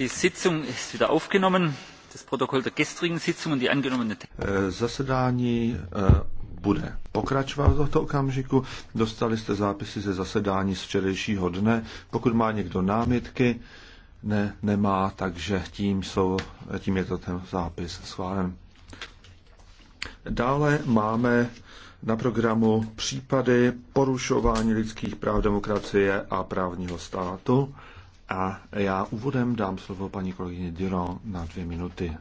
Eh, zasedání eh, bude pokračovat v tohoto okamžiku. Dostali jste zápisy ze zasedání z včerejšího dne. Pokud má někdo námitky, ne, nemá, takže tím, jsou, tím je to ten zápis schválen. Dále máme na programu případy porušování lidských práv demokracie a právního státu. A já úvodem dám slovo paní kolegyni Diro na dvě minuty.